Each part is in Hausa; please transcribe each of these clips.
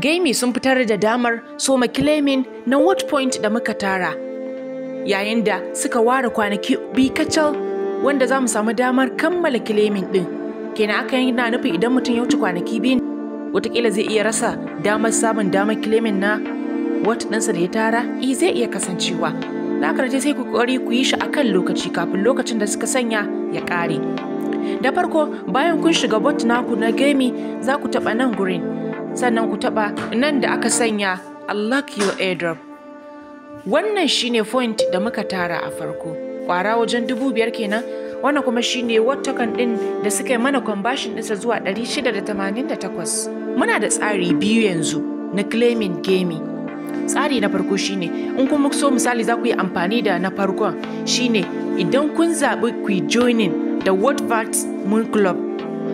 gami sun fitar da damar soma kilemin na watch point da muka tara. Yayin da suka ware kwanaki bi kacal wanda za mu samu damar kammala kilemin ɗin. Kenan aka yi na nufin idan mutum ya wuce kwanaki biyu watakila zai iya rasa damar samun damar kilemin na wata ɗansa da ya tara i zai iya kasancewa. Na karshe sai ku ƙwari ku yi shi a kan lokaci kafin lokacin da suka sanya ya ƙare. Da farko bayan kun shiga bot naku na gami za ku taɓa nan gurin. sannan ku taɓa nan da aka sanya unlock your airdrop wannan shine point da muka tara a farko kwara wajen dubu biyar kenan wannan kuma shine wattakan ɗin da suka yi mana kwambashin ɗinsa zuwa 688 muna da tsari biyu yanzu na claiming gaming tsari na farko shine in kun so misali za ku yi amfani da na farkon shine idan kun zaɓi ku joining da what vats moon club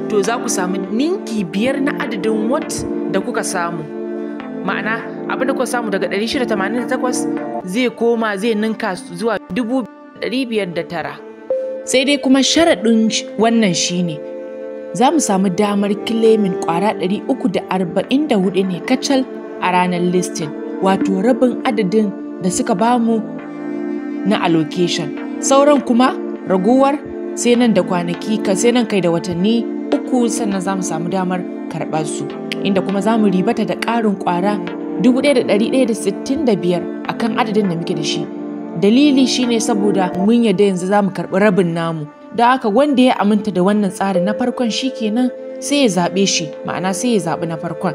to za ku samu ninki biyar na adadin what da kuka samu ma'ana abin da kuka samu daga 688 zai koma zai ninka zuwa 2,509 sai dai kuma sharaɗin wannan shine za mu samu damar kilemin kwara 344 ne kacal a ranar listin wato rabin adadin da suka bamu na allocation sauran kuma raguwar sai nan da kwanaki ka sai nan kai da watanni uku sannan za mu samu damar karɓar su. inda kuma za mu ribata da ƙarin ƙwara 1,165 a kan adadin da muke da shi. Dalili shine saboda mun yadda yanzu za mu karɓi rabin namu. Da aka wanda ya aminta da wannan tsarin na farkon shi kenan sai ya zaɓe shi ma'ana sai ya zaɓi na farkon.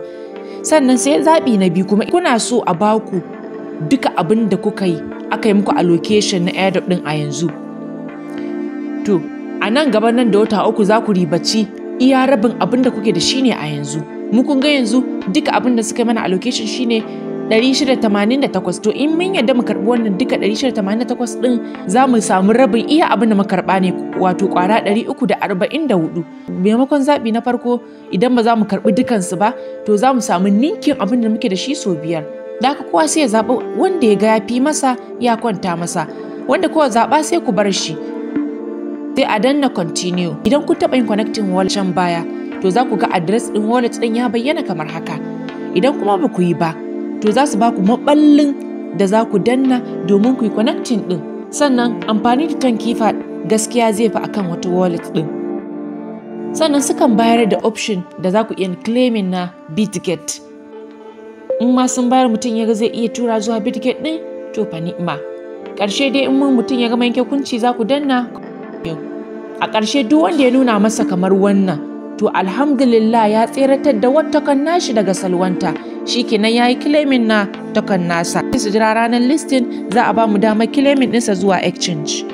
Sannan sai zaɓi na biyu kuma kuna so a baku duka abin da kuka yi aka yi muku a location na airdrop ɗin a yanzu. To, a nan gaba nan da wata uku za ku ribaci iya rabin abin da kuke da shi ne a yanzu. mu kun ga yanzu duka abin da suka mana a location shine 688 to in mun yadda mu karbi wannan duka 688 din za mu samu rabin iya abin da karba ne wato kwara 344 maimakon zaɓi na farko idan ba za mu karbi dukansu ba to za mu samu ninkin abin da muke da shi sau biyar da haka kowa sai ya zaɓi wanda ya ga ya fi masa ya kwanta masa wanda kowa zaɓa sai ku bar shi sai a danna continue idan kun taɓa yin connecting wall can baya to za ku ga adres ɗin wallet ɗin ya bayyana kamar haka idan kuma ba ku yi ba to za su ba ku maballin da za ku danna domin ku yi connecting ɗin sannan amfani da ton kifa gaskiya zai fi akan wata wallet ɗin sannan sukan bayar da option da za ku iya claiming na bitget in ma sun bayar mutum ya zai iya tura zuwa bitget ɗin to fa ni'ima ƙarshe dai in mutum ya gama yanke kunci za ku danna a ƙarshe duk wanda ya nuna masa kamar wannan to alhamdulillah ya tseratar da wata kan nashi daga salwanta shikenan ya yi claiming na takan nasa su jira ranar listin za a ba mu damar claiming ɗinsa zuwa exchange